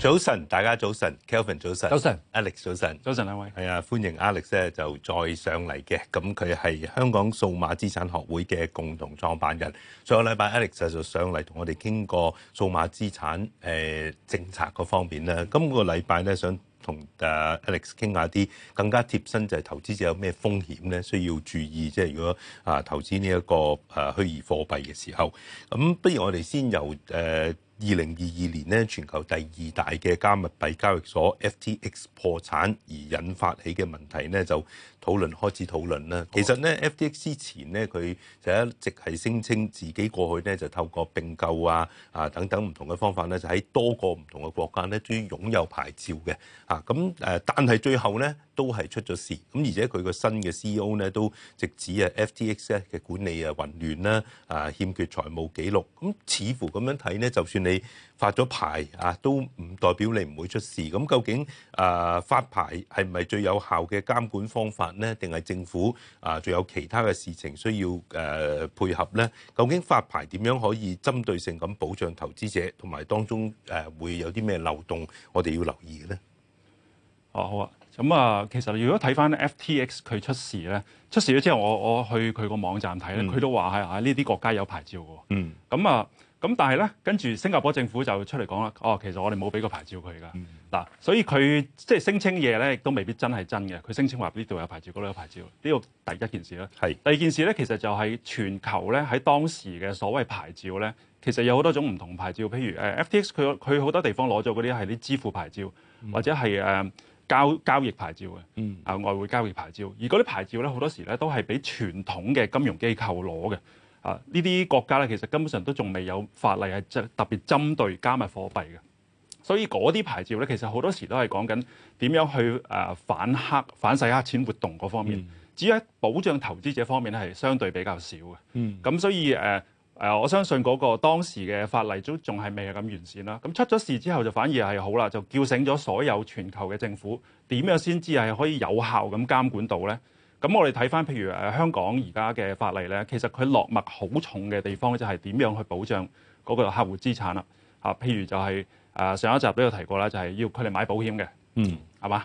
早晨，大家早晨，Kelvin 早晨，早晨，Alex 早晨，早晨兩位，係啊，歡迎 Alex 咧、啊、就再上嚟嘅。咁佢係香港數碼資產學會嘅共同創辦人。上個禮拜 Alex 就上嚟同我哋傾過數碼資產誒、呃、政策嗰方面啦。今個禮拜咧想同啊 Alex 傾下啲更加貼身，就係投資者有咩風險咧需要注意，即係如果啊投資呢一個誒、啊、虛擬貨幣嘅時候，咁不如我哋先由誒。呃二零二二年咧，全球第二大嘅加密幣交易所 FTX 破產而引發起嘅問題咧，就。討論開始討論啦，吧其實呢 FTX 之前呢，佢就一直係聲稱自己過去呢，就透過並購啊啊等等唔同嘅方法呢，就喺多個唔同嘅國家呢都擁有牌照嘅，嚇咁誒，但係最後呢，都係出咗事，咁、啊、而且佢個新嘅 CEO 呢，都直指啊 FTX 呢嘅管理啊混亂啦，啊欠缺財務記錄，咁、啊、似乎咁樣睇呢，就算你發咗牌啊，都唔代表你唔會出事，咁、啊、究竟誒、啊、發牌係咪最有效嘅監管方法呢？呢，定係政府啊，仲有其他嘅事情需要配合呢？究竟發牌點樣可以針對性咁保障投資者，同埋當中誒會有啲咩漏洞，我哋要留意嘅呢？哦，好啊，咁啊，其實如果睇翻 FTX 佢出事呢，出事咗之後我，我我去佢個網站睇呢，佢、嗯、都話係啊呢啲國家有牌照嘅。嗯，咁啊。咁但係咧，跟住新加坡政府就出嚟講啦，哦，其實我哋冇俾個牌照佢㗎。嗱、嗯，所以佢即係聲稱嘢咧，亦都未必真係真嘅。佢聲稱話呢度有牌照，嗰度有牌照，呢個第一件事啦。是第二件事咧，其實就係全球咧喺當時嘅所謂牌照咧，其實有好多種唔同牌照，譬如 FTX 佢佢好多地方攞咗嗰啲係啲支付牌照，嗯、或者係交交易牌照嘅，啊、嗯、外匯交易牌照。而嗰啲牌照咧，好多時咧都係俾傳統嘅金融機構攞嘅。啊！呢啲國家咧，其實根本上都仲未有法例係特別針對加密貨幣嘅，所以嗰啲牌照咧，其實好多時都係講緊點樣去誒、啊、反黑、反洗黑錢活動嗰方面，至於、嗯、保障投資者方面咧，係相對比較少嘅。咁、嗯、所以誒誒、啊，我相信嗰個當時嘅法例都仲係未係咁完善啦。咁出咗事之後，就反而係好啦，就叫醒咗所有全球嘅政府，點樣先至係可以有效咁監管到咧？咁我哋睇翻，譬如香港而家嘅法例咧，其實佢落墨好重嘅地方就係點樣去保障嗰個客戶資產啦、啊啊。譬如就係、是啊、上一集都有提過啦，就係、是、要佢哋買保險嘅，嗯，係、啊、嘛？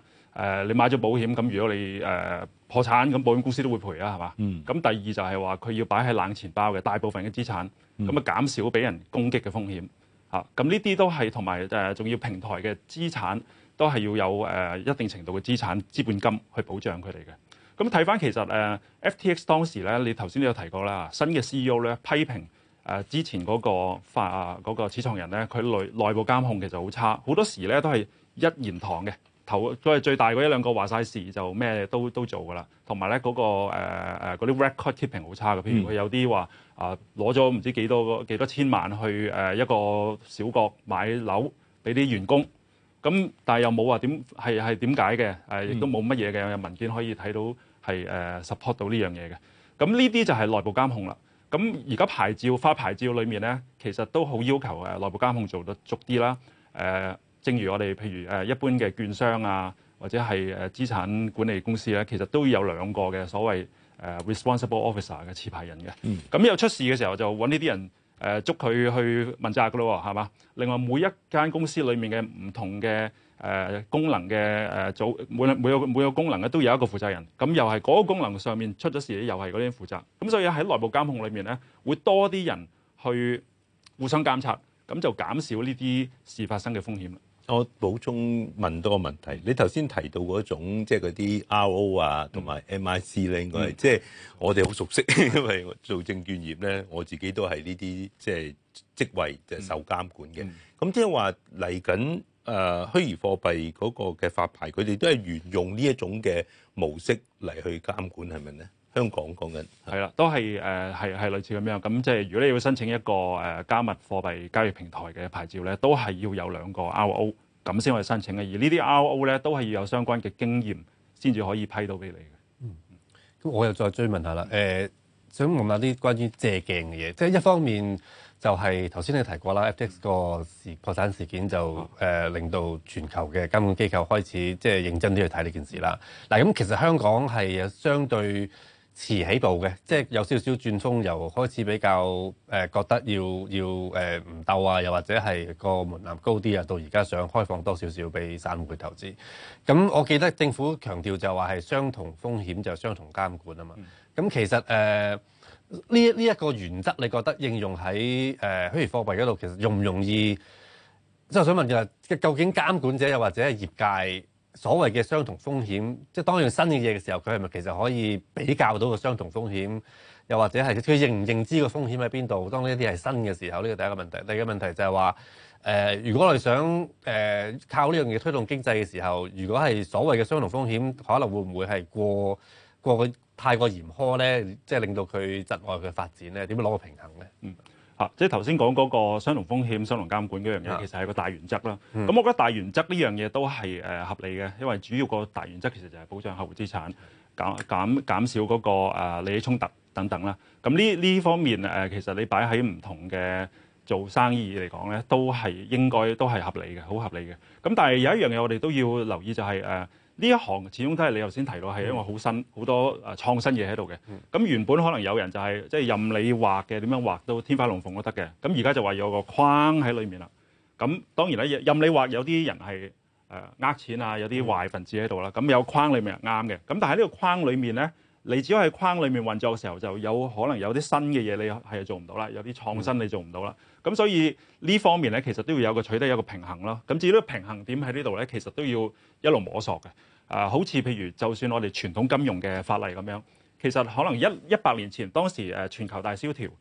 你買咗保險咁，如果你、啊、破產咁，保險公司都會賠啊，係嘛？嗯。咁第二就係話佢要擺喺冷錢包嘅大部分嘅資產，咁啊、嗯、減少俾人攻擊嘅風險嚇。咁呢啲都係同埋誒，仲、啊、要平台嘅資產都係要有、啊、一定程度嘅資產資本金去保障佢哋嘅。咁睇翻其實誒，FTX 當時咧，你頭先都有提過啦。新嘅 CEO 咧，批評之前嗰個發嗰個始創人咧，佢內內部監控其實好差，好多時咧都係一言堂嘅，頭都係最大嗰一兩個話晒事就咩都都做㗎啦。同埋咧嗰個嗰啲 record keeping 好差嘅，譬如佢有啲話啊攞咗唔知幾多個幾多千萬去誒一個小國買樓俾啲員工，咁但係又冇話點係係點解嘅，亦、呃、都冇乜嘢嘅文件可以睇到。係 support 到呢樣嘢嘅，咁呢啲就係內部監控啦。咁而家牌照發牌照裏面咧，其實都好要求誒內部監控做得足啲啦，呃，正如我哋譬如一般嘅券商啊，或者係誒資產管理公司咧，其實都有兩個嘅所謂 responsible officer 嘅持牌人嘅。咁有出事嘅時候就搵呢啲人。誒捉佢去問責噶咯喎，係嘛？另外每一間公司裡面嘅唔同嘅誒、呃、功能嘅誒組，每每個每個功能嘅都有一個負責人，咁又係嗰個功能上面出咗事，又係嗰啲負責。咁所以喺內部監控裏面咧，會多啲人去互相監察，咁就減少呢啲事發生嘅風險。我補充問多個問題，你頭先提到嗰種即係嗰啲 RO 啊同埋 MIC 咧，IC，應該係即係我哋好熟悉，因為做證券業咧，我自己都係呢啲即係職位就係受監管嘅。咁即係話嚟緊誒虛擬貨幣嗰個嘅發牌，佢哋都係沿用呢一種嘅模式嚟去監管，係咪咧？香港講緊係啦，都係誒係係類似咁樣。咁即係如果你要申請一個誒加密貨幣交易平台嘅牌照咧，都係要有兩個 RO 咁先可以申請嘅。而 RO 呢啲 RO 咧都係要有相關嘅經驗先至可以批到俾你嘅。嗯，咁我又再追問下啦。誒、呃，想問下啲關於借鏡嘅嘢，即係一方面就係頭先你提過啦，FTX 個事破產事件就誒、嗯呃、令到全球嘅監管機構開始即係認真啲去睇呢件事啦。嗱，咁其實香港係相對遲起步嘅，即係有少少轉風，又開始比較誒、呃、覺得要要誒唔鬥啊，又或者係個門檻高啲啊，到而家想開放多少少俾散戶去投資。咁我記得政府強調就話係相同風險就相同監管啊嘛。咁、嗯嗯、其實誒呢呢一個原則，你覺得應用喺誒虛擬貨幣嗰度，呃、其實容唔容易？即我想問嘅係究竟監管者又或者係業界？所謂嘅相同風險，即係當樣新嘅嘢嘅時候，佢係咪其實可以比較到個相同風險？又或者係佢認唔認知個風險喺邊度？當呢一啲係新嘅時候，呢個第一個問題。第二個問題就係話，誒、呃，如果我哋想誒、呃、靠呢樣嘢推動經濟嘅時候，如果係所謂嘅相同風險，可能會唔會係過,過過太過嚴苛咧？即、就、係、是、令到佢窒礙佢發展咧？點樣攞個平衡咧？嗯。嚇！即係頭先講嗰個相同風險、相同監管嗰樣嘢，其實係個大原則啦。咁我覺得大原則呢樣嘢都係誒合理嘅，因為主要個大原則其實就係保障客戶資產、減減減少嗰個誒利益衝突等等啦。咁呢呢方面誒，其實你擺喺唔同嘅做生意嚟講咧，都係應該都係合理嘅，好合理嘅。咁但係有一樣嘢我哋都要留意就係誒。呢一行始終都係你頭先提到的，係因為好新，好多誒創新嘢喺度嘅。咁原本可能有人就係即係任你畫嘅，點樣畫都天花龍鳳都得嘅。咁而家就話有一個框喺裏面啦。咁當然咧，任你畫，有啲人係呃錢啊，有啲壞分子喺度啦。咁有框裏面係啱嘅。咁但係呢個框裏面呢。你只要喺框裡面運作嘅時候，就有可能有啲新嘅嘢，你係做唔到啦。有啲創新你做唔到啦。咁、嗯、所以呢方面咧，其實都要有個取得有一個平衡咯。咁至於個平衡點喺呢度咧，其實都要一路摸索嘅。誒、呃，好似譬如就算我哋傳統金融嘅法例咁樣，其實可能一一百年前當時誒全球大蕭條，誒、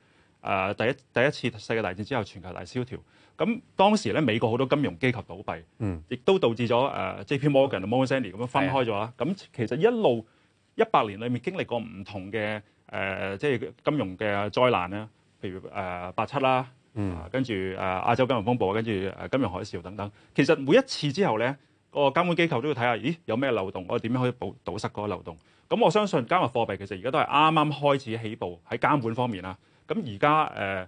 呃、第一第一次世界大戰之後全球大蕭條，咁當時咧美國好多金融機構倒閉，嗯，亦都導致咗誒、呃、J.P.Morgan 同、嗯、Morgan Stanley 咁樣分開咗啊。咁、嗯、其實一路。一百年裏面經歷過唔同嘅誒、呃，即係金融嘅災難啦，譬如誒八七啦，嗯、呃，跟住誒亞洲金融風暴，跟住誒金融海嘯等等。其實每一次之後咧，個監管機構都要睇下，咦有咩漏洞，我哋點樣可以堵堵塞嗰個漏洞？咁我相信加密貨幣其實而家都係啱啱開始起步喺監管方面啦。咁而家誒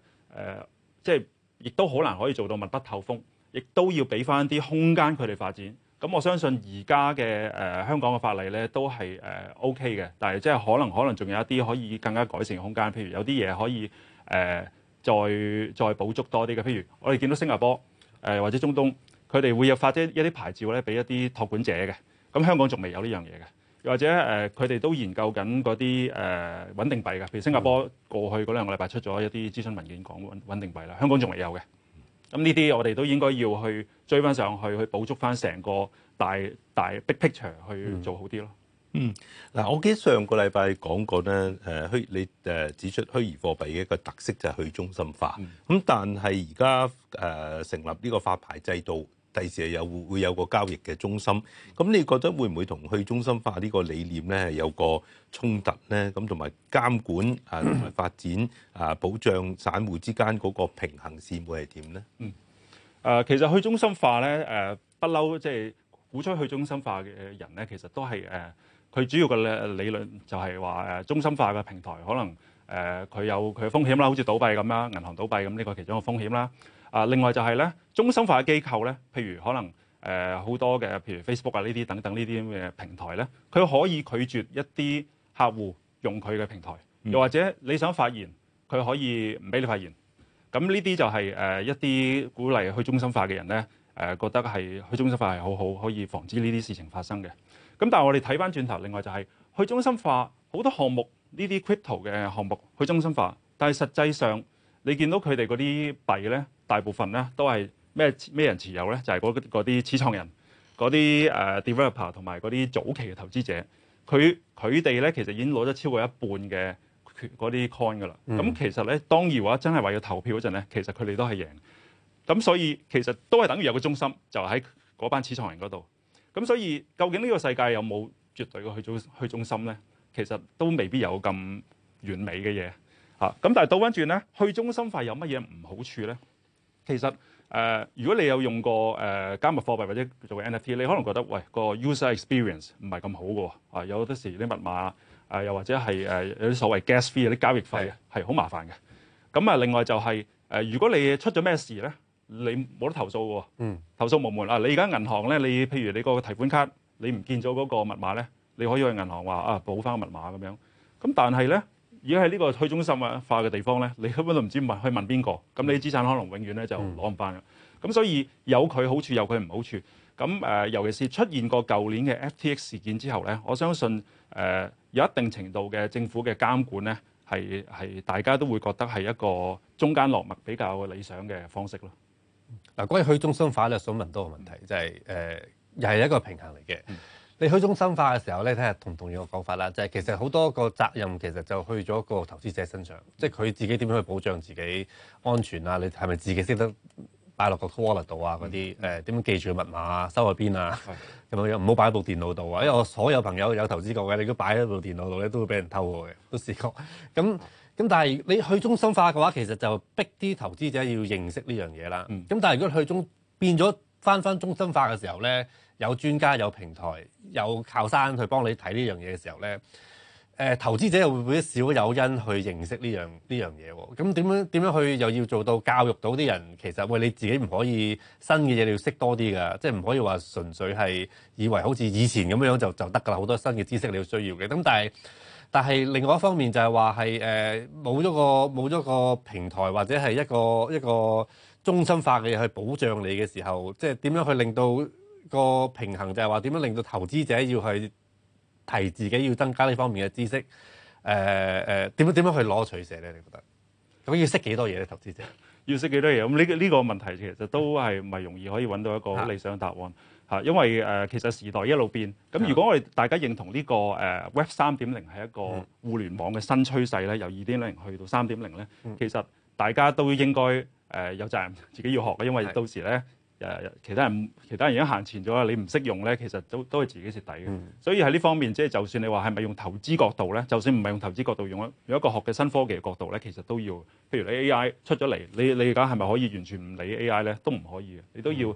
誒，即係亦都好難可以做到密不透風，亦都要俾翻啲空間佢哋發展。咁我相信而家嘅誒香港嘅法例咧都係誒 OK 嘅，但係即係可能可能仲有一啲可以更加改善空間，譬如有啲嘢可以誒、呃、再再補足多啲嘅，譬如我哋見到新加坡誒、呃、或者中東，佢哋會有發一啲牌照咧俾一啲託管者嘅，咁香港仲未有呢樣嘢嘅，又或者誒佢哋都研究緊嗰啲誒穩定幣嘅，譬如新加坡過去嗰兩個禮拜出咗一啲諮詢文件講穩穩定幣啦，香港仲未有嘅。咁呢啲我哋都應該要去追翻上去，去捕捉翻成個大大，大 big picture 去做好啲咯。嗯，嗱、嗯，我記得上個禮拜講過咧，誒你指出虛擬貨幣嘅一個特色就係去中心化。咁但係而家成立呢個發牌制度。第時又會會有個交易嘅中心，咁你覺得會唔會同去中心化呢個理念咧有個衝突咧？咁同埋監管啊，同埋發展啊，保障散戶之間嗰個平衡線會係點咧？嗯，誒、呃、其實去中心化咧，誒不嬲，即係鼓吹去中心化嘅人咧，其實都係誒，佢、呃、主要嘅理論就係話誒中心化嘅平台可能誒佢、呃、有佢嘅風險啦，好似倒閉咁啦，銀行倒閉咁呢個其中一個風險啦。啊！另外就係咧，中心化嘅機構咧，譬如可能誒好、呃、多嘅，譬如 Facebook 啊呢啲等等呢啲咁嘅平台咧，佢可以拒絕一啲客戶用佢嘅平台，嗯、又或者你想發言，佢可以唔俾你發言。咁呢啲就係、是、誒、呃、一啲鼓勵去中心化嘅人咧，誒、呃、覺得係去中心化係好好，可以防止呢啲事情發生嘅。咁但係我哋睇翻轉頭，另外就係、是、去中心化好多項目呢啲 crypto 嘅項目去中心化，但係實際上你見到佢哋嗰啲幣咧。大部分咧都係咩咩人持有咧？就係嗰啲始創人、嗰啲誒 developer 同埋嗰啲早期嘅投資者，佢佢哋咧其實已經攞咗超過一半嘅嗰啲 coin 噶啦。咁、嗯、其實咧，當然話真係話要投票嗰陣咧，其實佢哋都係贏。咁所以其實都係等於有個中心，就喺、是、嗰班始創人嗰度。咁所以究竟呢個世界有冇絕對嘅去中去中心咧？其實都未必有咁完美嘅嘢嚇。咁、啊、但係倒翻轉咧，去中心化有乜嘢唔好處咧？其實、呃、如果你有用過、呃、加密貨幣或者叫做 NFT，你可能覺得喂、個 user experience 唔係咁好嘅喎，啊有啲時啲密碼又、呃、或者係、呃、有啲所謂 gas fee 啲交易費啊，係好的麻煩嘅。咁、嗯、啊，另外就係、係呃、如果你出咗咩事咧，你冇得投訴喎。嗯。投訴無門啊！你而家銀行咧，你譬如你個提款卡，你唔見咗嗰個密碼咧，你可以去銀行話啊補翻個密碼咁樣。咁但係咧。如果喺呢個去中心化嘅地方咧，你根本都唔知問去問邊個，咁你資產可能永遠咧就攞唔返嘅。咁、嗯、所以有佢好處，有佢唔好處。咁誒，尤其是出現過舊年嘅 FTX 事件之後咧，我相信誒、呃、有一定程度嘅政府嘅監管咧，係係大家都會覺得係一個中間落墨比較理想嘅方式咯。嗱、嗯，關於去中心化咧，想問多個問題，就係、是、誒，又、呃、係一個平衡嚟嘅。嗯你去中心化嘅時候咧，睇下同唔同意我講法啦，就係其實好多個責任其實就去咗個投資者身上，即係佢自己點樣去保障自己安全啊？你係咪自己識得擺落個 wallet 度啊？嗰啲誒點樣記住個密碼、收喺邊啊？咁、嗯、樣唔好擺喺部電腦度啊！因為我所有朋友有投資過嘅，你如果擺喺部電腦度咧，都會俾人偷嘅，都試過。咁咁但係你去中心化嘅話，其實就逼啲投資者要認識呢樣嘢啦。咁、嗯、但係如果去中變咗翻翻中心化嘅時候咧？有專家、有平台、有靠山去幫你睇呢樣嘢嘅時候呢，誒投資者又會唔會少咗誘因去認識呢樣呢樣嘢喎？咁點樣點樣去又要做到教育到啲人？其實喂，你自己唔可以新嘅嘢你要識多啲㗎，即係唔可以話純粹係以為好似以前咁樣就就得㗎啦。好多新嘅知識你要需要嘅。咁但係但係另外一方面就係話係誒冇咗個冇咗個平台或者係一個一個中心化嘅嘢去保障你嘅時候，即係點樣去令到？個平衡就係話點樣令到投資者要去提自己，要增加呢方面嘅知識。誒、呃、誒，點樣點樣去攞取捨咧？你覺得？咁要識幾多嘢咧？投資者要識幾多嘢？咁呢個呢個問題其實都係唔係容易可以揾到一個理想答案吓。嗯、因為誒，其實時代一路變。咁如果我哋大家認同呢個誒 Web 三點零係一個互聯網嘅新趨勢咧，由二點零去到三點零咧，其實大家都應該誒有責任自己要學嘅，因為到時咧。誒，其他人其他人已經行前咗啦，你唔識用咧，其實都都係自己蝕底嘅。嗯、所以喺呢方面，即係就算你話係咪用投資角度咧，就算唔係用投資角度，用一用一個學嘅新科技嘅角度咧，其實都要，譬如你 A.I. 出咗嚟，你你而家係咪可以完全唔理 A.I. 咧？都唔可以嘅，你都要誒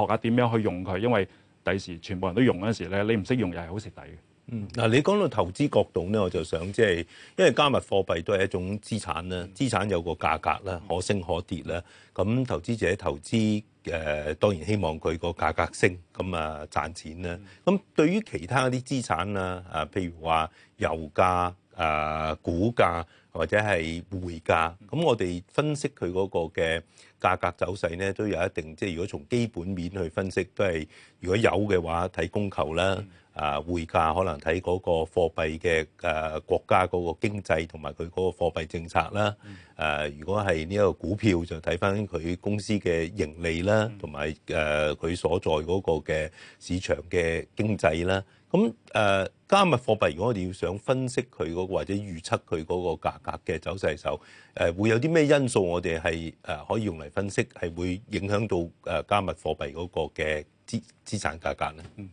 學下點樣去用佢，因為第時全部人都用嗰陣時咧，你唔識用又係好蝕底嘅。嗯，嗱，你講到投資角度咧，我就想即係，因為加密貨幣都係一種資產啦，資產有個價格啦，可升可跌啦，咁投資者投資。誒當然希望佢個價格升，咁啊賺錢啦。咁對於其他啲資產啊，啊譬如話油價、誒股價或者係匯價，咁我哋分析佢嗰個嘅。價格走勢咧都有一定，即係如果從基本面去分析，都係如果有嘅話，睇供求啦，嗯、啊匯價可能睇嗰個貨幣嘅誒、啊、國家嗰個經濟同埋佢嗰個貨幣政策啦。誒、嗯啊，如果係呢個股票就睇返佢公司嘅盈利啦，同埋誒佢所在嗰個嘅市場嘅經濟啦。咁誒、啊、加密貨幣，如果我哋要想分析佢嗰、嗰個或者預測佢嗰個價格嘅走勢時，誒會有啲咩因素我哋係誒可以用嚟？加息係會影響到誒加密貨幣嗰個嘅資資產價格咧。嗯，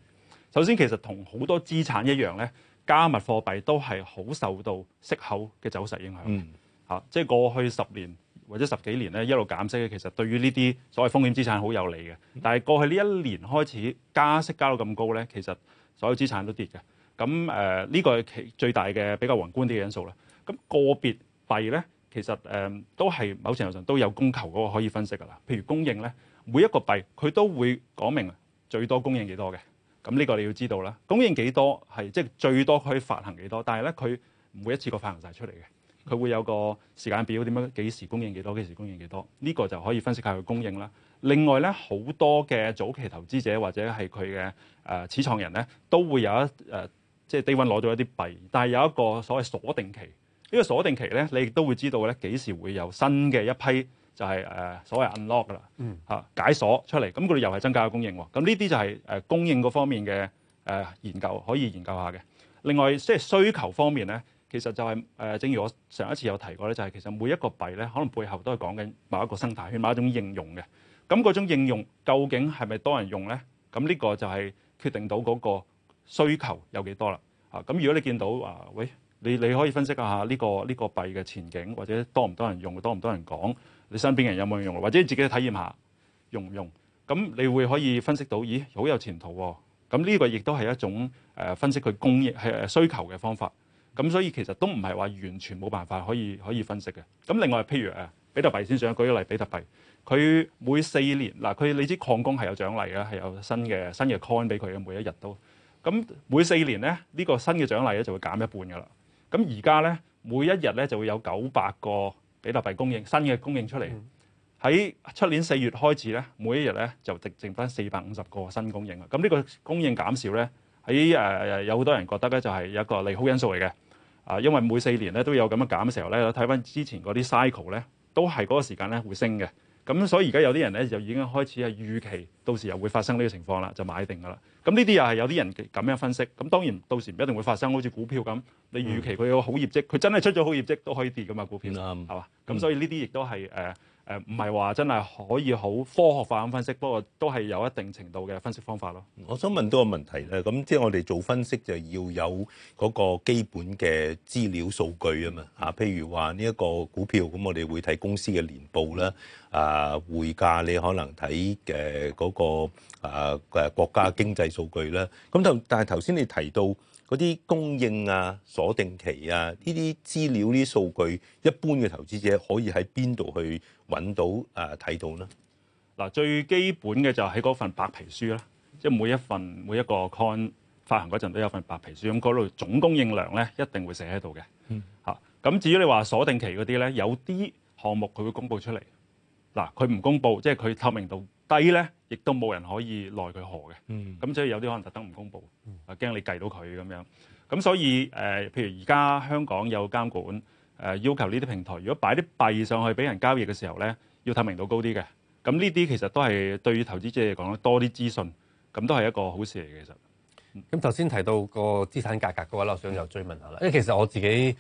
首先其實同好多資產一樣咧，加密貨幣都係好受到息口嘅走勢影響。嗯，啊、即係過去十年或者十幾年咧一路減息嘅，其實對於呢啲所謂風險資產好有利嘅。但係過去呢一年開始加息加到咁高咧，其實所有資產都跌嘅。咁誒呢個係其最大嘅比較宏觀啲嘅因素啦。咁、那個別幣咧。其實誒、呃、都係某程度上都有供求嗰個可以分析㗎啦。譬如供應咧，每一個幣佢都會講明最多供應幾多嘅。咁、這、呢個你要知道啦。供應幾多係即係最多可以發行幾多，但係咧佢唔會一次過發行晒出嚟嘅。佢會有個時間表，點樣幾時供應幾多，幾時供應幾多。呢、這個就可以分析下佢供應啦。另外咧，好多嘅早期投資者或者係佢嘅誒始創人咧，都會有一誒即係低位攞咗一啲幣，但係有一個所謂鎖定期。呢個鎖定期咧，你亦都會知道咧幾時會有新嘅一批就係、是、誒、呃、所謂 unlock 啦，嚇、嗯、解鎖出嚟，咁佢哋又係增加個供應喎。咁呢啲就係誒供應嗰方面嘅誒、呃、研究可以研究下嘅。另外即係、就是、需求方面咧，其實就係、是、誒、呃、正如我上一次有提過咧，就係、是、其實每一個幣咧，可能背後都係講緊某一個生態圈、某一種應用嘅。咁嗰種應用究竟係咪多人用咧？咁呢個就係決定到嗰個需求有幾多啦。嚇、啊、咁如果你見到啊、呃，喂～你你可以分析下呢個呢個幣嘅前景，或者多唔多人用，多唔多人講。你身邊人有冇用，或者你自己去體驗下用唔用。咁你會可以分析到，咦，好有前途喎。咁呢個亦都係一種誒分析佢供應係需求嘅方法。咁所以其實都唔係話完全冇辦法可以可以分析嘅。咁另外譬如誒比特幣先想舉個例，比特幣佢每四年嗱佢你知礦工係有獎勵嘅，係有新嘅新嘅 coin 俾佢嘅每一日都。咁每四年咧呢個新嘅獎勵咧就會減一半㗎啦。咁而家咧，每一日咧就會有九百個比特幣供應新嘅供應出嚟。喺出年四月開始咧，每一日咧就剩剩翻四百五十個新供應啊！咁呢個供應減少咧，喺誒有好多人覺得咧就係有一個利好因素嚟嘅啊！因為每四年咧都有咁樣減嘅時候咧，睇翻之前嗰啲 cycle 咧，都係嗰個時間咧會升嘅。咁所以而家有啲人咧就已經開始係預期到時又會發生呢個情況啦，就買定噶啦。咁呢啲又係有啲人咁樣分析。咁當然到時唔一定會發生，好似股票咁，你預期佢有好業績，佢真係出咗好業績都可以跌噶嘛，股票係嘛？咁、嗯、所以呢啲亦都係誒。嗯呃誒唔係話真係可以好科學化咁分析，不過都係有一定程度嘅分析方法咯。我想問多個問題咧，咁即係我哋做分析就要有嗰個基本嘅資料數據啊嘛嚇，譬如話呢一個股票，咁我哋會睇公司嘅年報啦，啊匯價你可能睇嘅嗰個啊誒國家經濟數據啦，咁就但係頭先你提到。嗰啲供應啊、鎖定期啊，呢啲資料、呢啲數據，一般嘅投資者可以喺邊度去揾到啊睇到咧？嗱，最基本嘅就喺嗰份白皮書啦，即係每一份每一個 coin 發行嗰陣都有份白皮書，咁嗰度總供應量咧一定會寫喺度嘅。嚇、嗯，咁至於你話鎖定期嗰啲咧，有啲項目佢會公布出嚟。嗱，佢唔公布，即係佢透明度低咧。亦都冇人可以奈佢何嘅，咁所以有啲可能特登唔公布，啊驚、嗯、你計到佢咁樣。咁所以誒、呃，譬如而家香港有監管，誒、呃、要求呢啲平台，如果擺啲幣上去俾人交易嘅時候咧，要透明度高啲嘅。咁呢啲其實都係對於投資者嚟講多啲資訊，咁都係一個好事嚟嘅。其實、嗯，咁頭先提到個資產價格嘅話，我想又追問下啦。誒、嗯，因為其實我自己。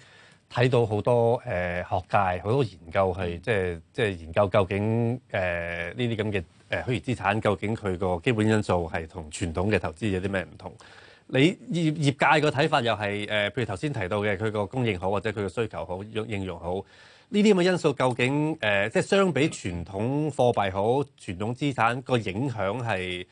睇到好多誒、呃、學界好多研究係即係即係研究，究竟誒呢啲咁嘅誒虛擬資產究竟佢個基本因素係同傳統嘅投資有啲咩唔同你？你業業界個睇法又係誒，譬如頭先提到嘅佢個供應好、或者佢個需求好用應用好，呢啲咁嘅因素，究竟誒、呃、即係相比傳統貨幣好、傳統資產，個影響係？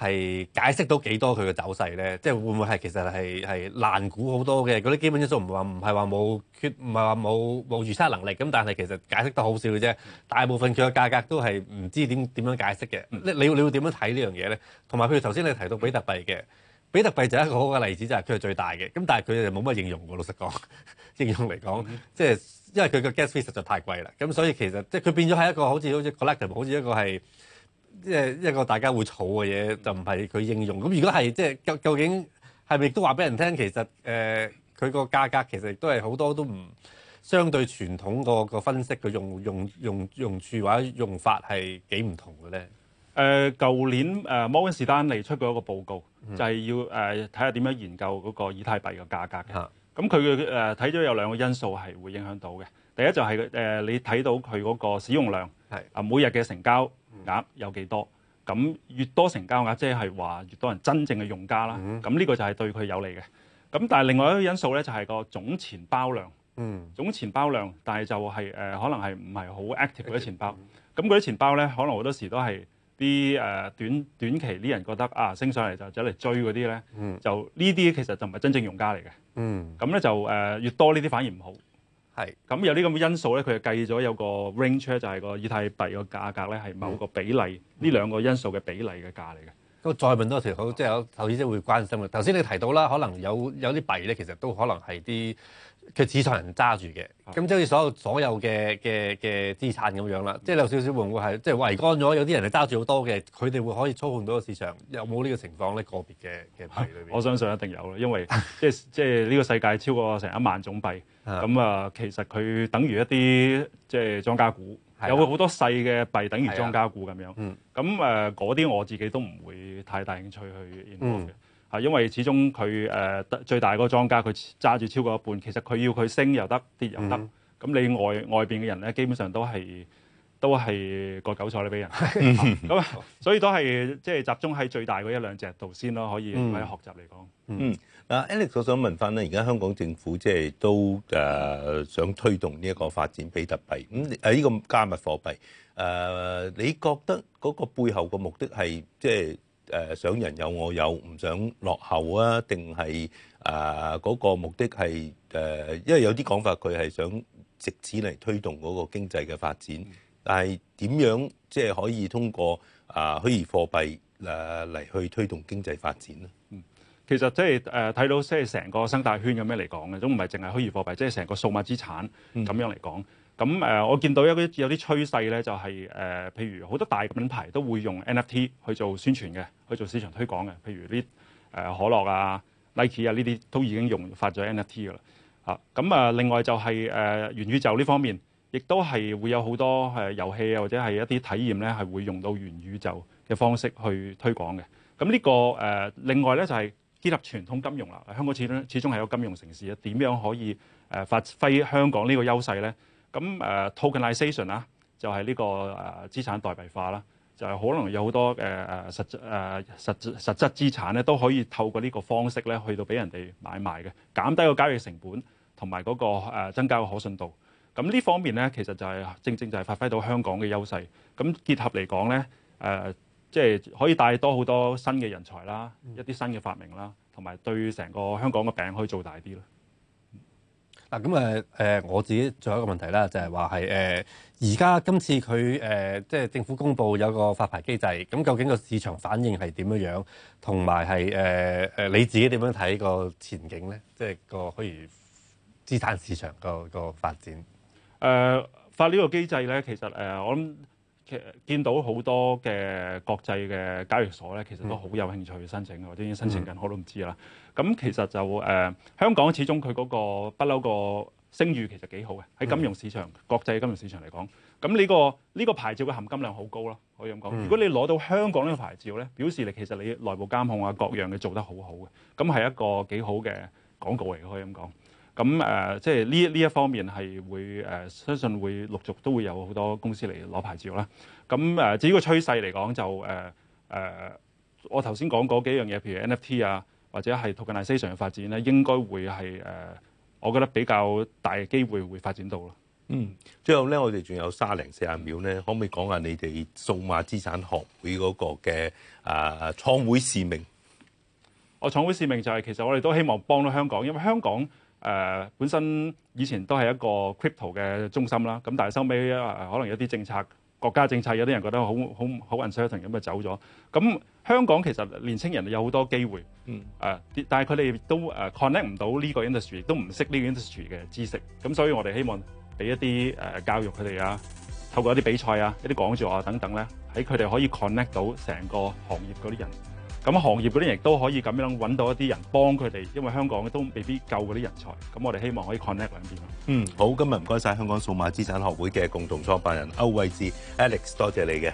係解釋到幾多佢嘅走勢咧？即係會唔會係其實係係難估好多嘅？嗰啲基本因素唔係話唔係話冇決，唔係話冇冇預測能力咁。但係其實解釋得好少嘅啫。大部分佢嘅價格都係唔知點點樣解釋嘅。你你會點樣睇呢樣嘢咧？同埋譬如頭先你提到比特幣嘅比特幣就係一個好嘅例子，就係佢係最大嘅。咁但係佢就冇乜應用嘅。老實講，應用嚟講，即係因為佢嘅 gas 費實在太貴啦。咁所以其實即係佢變咗係一個好似好似 collector，好似一個係。即係一個大家會儲嘅嘢，就唔係佢應用咁。如果係即係，究究竟係咪都話俾人聽？其實誒，佢個價格其實亦都係好多都唔相對傳統個分析嘅用用用用處或者用法係幾唔同嘅咧？誒、呃，舊年誒、呃、摩根士丹利出過一個報告，嗯、就係要誒睇下點樣研究嗰個以太幣嘅價格嘅。咁佢嘅睇咗有兩個因素係會影響到嘅。第一就係、是、誒、呃、你睇到佢嗰個使用量係啊，每日嘅成交額有幾多？咁越多成交額，即係話越多人真正嘅用家啦。咁呢、嗯、個就係對佢有利嘅。咁但係另外一個因素咧，就係、是、個總錢包量。嗯，總錢包量，但係就係、是呃、可能係唔係好 active 嗰啲錢包。咁嗰啲錢包咧，可能好多時都係啲、呃、短短期啲人覺得啊，升上嚟就走嚟追嗰啲咧。嗯、就呢啲其實就唔係真正用家嚟嘅。嗯，咁咧就、呃、越多呢啲反而唔好。係，咁是有呢咁嘅因素咧，佢就計咗有個 range c 就係個以太幣個價格咧係某個比例，呢兩、嗯、個因素嘅比例嘅價嚟嘅。咁、嗯、再問多條好，嗯、即係有投先即會關心嘅。頭先你提到啦，可能有有啲幣咧，其實都可能係啲。嘅資產人揸住嘅，咁即係所有所有嘅嘅嘅資產咁樣啦，即係有少少會唔會係即係圍乾咗？有啲人係揸住好多嘅，佢哋會可以操控到個市場。有冇呢個情況咧？個別嘅嘅幣裏邊，我相信一定有咯，因為 即係即係呢個世界超過成一萬種幣，咁啊， 其實佢等於一啲即係莊家股，有好多細嘅幣等於莊家股咁樣。咁誒、啊，嗰啲我自己都唔會太大興趣去研究嘅。嗯係，因為始終佢誒最大嗰個莊家，佢揸住超過一半。其實佢要佢升又得，跌又得。咁你外外邊嘅人咧，基本上都係都係割韭菜咧，俾人。咁所以都係即係集中喺最大嗰一兩隻度先咯，可以喺學習嚟講。嗯，嗱，Alex，我想問翻咧，而家香港政府即係都誒想推動呢一個發展比特幣咁誒呢個加密貨幣誒，你覺得嗰個背後個目的係即係？想人有我有，唔想落後啊？定係誒嗰個目的係、呃、因為有啲講法，佢係想藉此嚟推動嗰個經濟嘅發展。但係點樣即係可以通過啊、呃、虛擬貨幣嚟、呃、去推動經濟發展呢？嗯，其實即係睇到即係成個生態圈咁樣嚟講嘅，都唔係淨係虛擬貨幣，即係成個數碼資產咁樣嚟講。嗯咁誒，我見到有啲有啲趨勢咧，就係、是、誒、呃，譬如好多大品牌都會用 NFT 去做宣傳嘅，去做市場推廣嘅。譬如啲誒可樂啊、Nike 啊呢啲都已經用發咗 NFT 噶啦。啊，咁啊，另外就係、是、誒、呃、元宇宙呢方面，亦都係會有好多誒、呃、遊戲啊，或者係一啲體驗咧，係會用到元宇宙嘅方式去推廣嘅。咁呢、這個誒、呃，另外咧就係結合傳統金融啦。香港始終始終係個金融城市啊，點樣可以誒發揮香港呢個優勢咧？咁 tokenization 啦、這個啊，就係呢個誒資產代幣化啦，就係可能有好多誒誒、啊、實誒、啊、實質資產咧，都可以透過呢個方式咧，去到俾人哋買賣嘅，減低個交易成本同埋嗰個、啊、增加個可信度。咁呢方面咧，其實就係、是、正正就係發揮到香港嘅優勢。咁結合嚟講咧，即、啊、係、就是、可以帶多好多新嘅人才啦，一啲新嘅發明啦，同埋對成個香港嘅餅可以做大啲啦。嗱咁、呃、我自己仲有一個問題啦，就係話係誒而家今次佢誒即係政府公布有個發牌機制，咁究竟個市場反應係點樣？同埋係你自己點樣睇個前景咧？即係個虛擬資產市場個個發展。誒、呃、發呢個機制咧，其實、呃、我諗見到好多嘅國際嘅交易所咧，其實都好有興趣去申請或者已經申請緊，我都唔知啦。咁其實就誒、呃，香港始終佢嗰個不嬲個聲譽其實幾好嘅，喺金融市場，國際金融市場嚟講，咁呢個呢個牌照嘅含金量好高咯，可以咁講。如果你攞到香港呢個牌照咧，表示你其實你內部監控啊各樣嘅做得好好嘅，咁係一個幾好嘅廣告嚟，可以咁講。咁誒、呃，即係呢呢一方面係會誒、呃，相信會陸續都會有好多公司嚟攞牌照啦。咁、啊、誒，至於個趨勢嚟講，就誒誒、呃呃，我頭先講嗰幾樣嘢，譬如 NFT 啊，或者係 tokenization 嘅發展咧，應該會係誒、呃，我覺得比較大嘅機會會發展到啦。嗯，最後咧，我哋仲有三零四十秒咧，可唔可以講下你哋數碼資產學會嗰個嘅啊創會使命？我創會使命就係、是、其實我哋都希望幫到香港，因為香港。誒、呃、本身以前都係一個 crypto 嘅中心啦，咁但係收尾可能有啲政策，國家政策有啲人覺得好好好 uncertain 咁就走咗。咁香港其實年青人有好多機會，誒、呃，但係佢哋都誒 connect 唔到呢個 industry，亦都唔識呢個 industry 嘅知識。咁所以我哋希望俾一啲誒教育佢哋啊，透過一啲比賽啊、一啲講座啊等等咧，喺佢哋可以 connect 到成個行業嗰啲人。咁行業嗰啲亦都可以咁樣揾到一啲人幫佢哋，因為香港都未必夠嗰啲人才。咁我哋希望可以 connect 兩邊。嗯，好，今日唔該晒香港數碼資產學會嘅共同創辦人區偉志 Alex，多謝你嘅。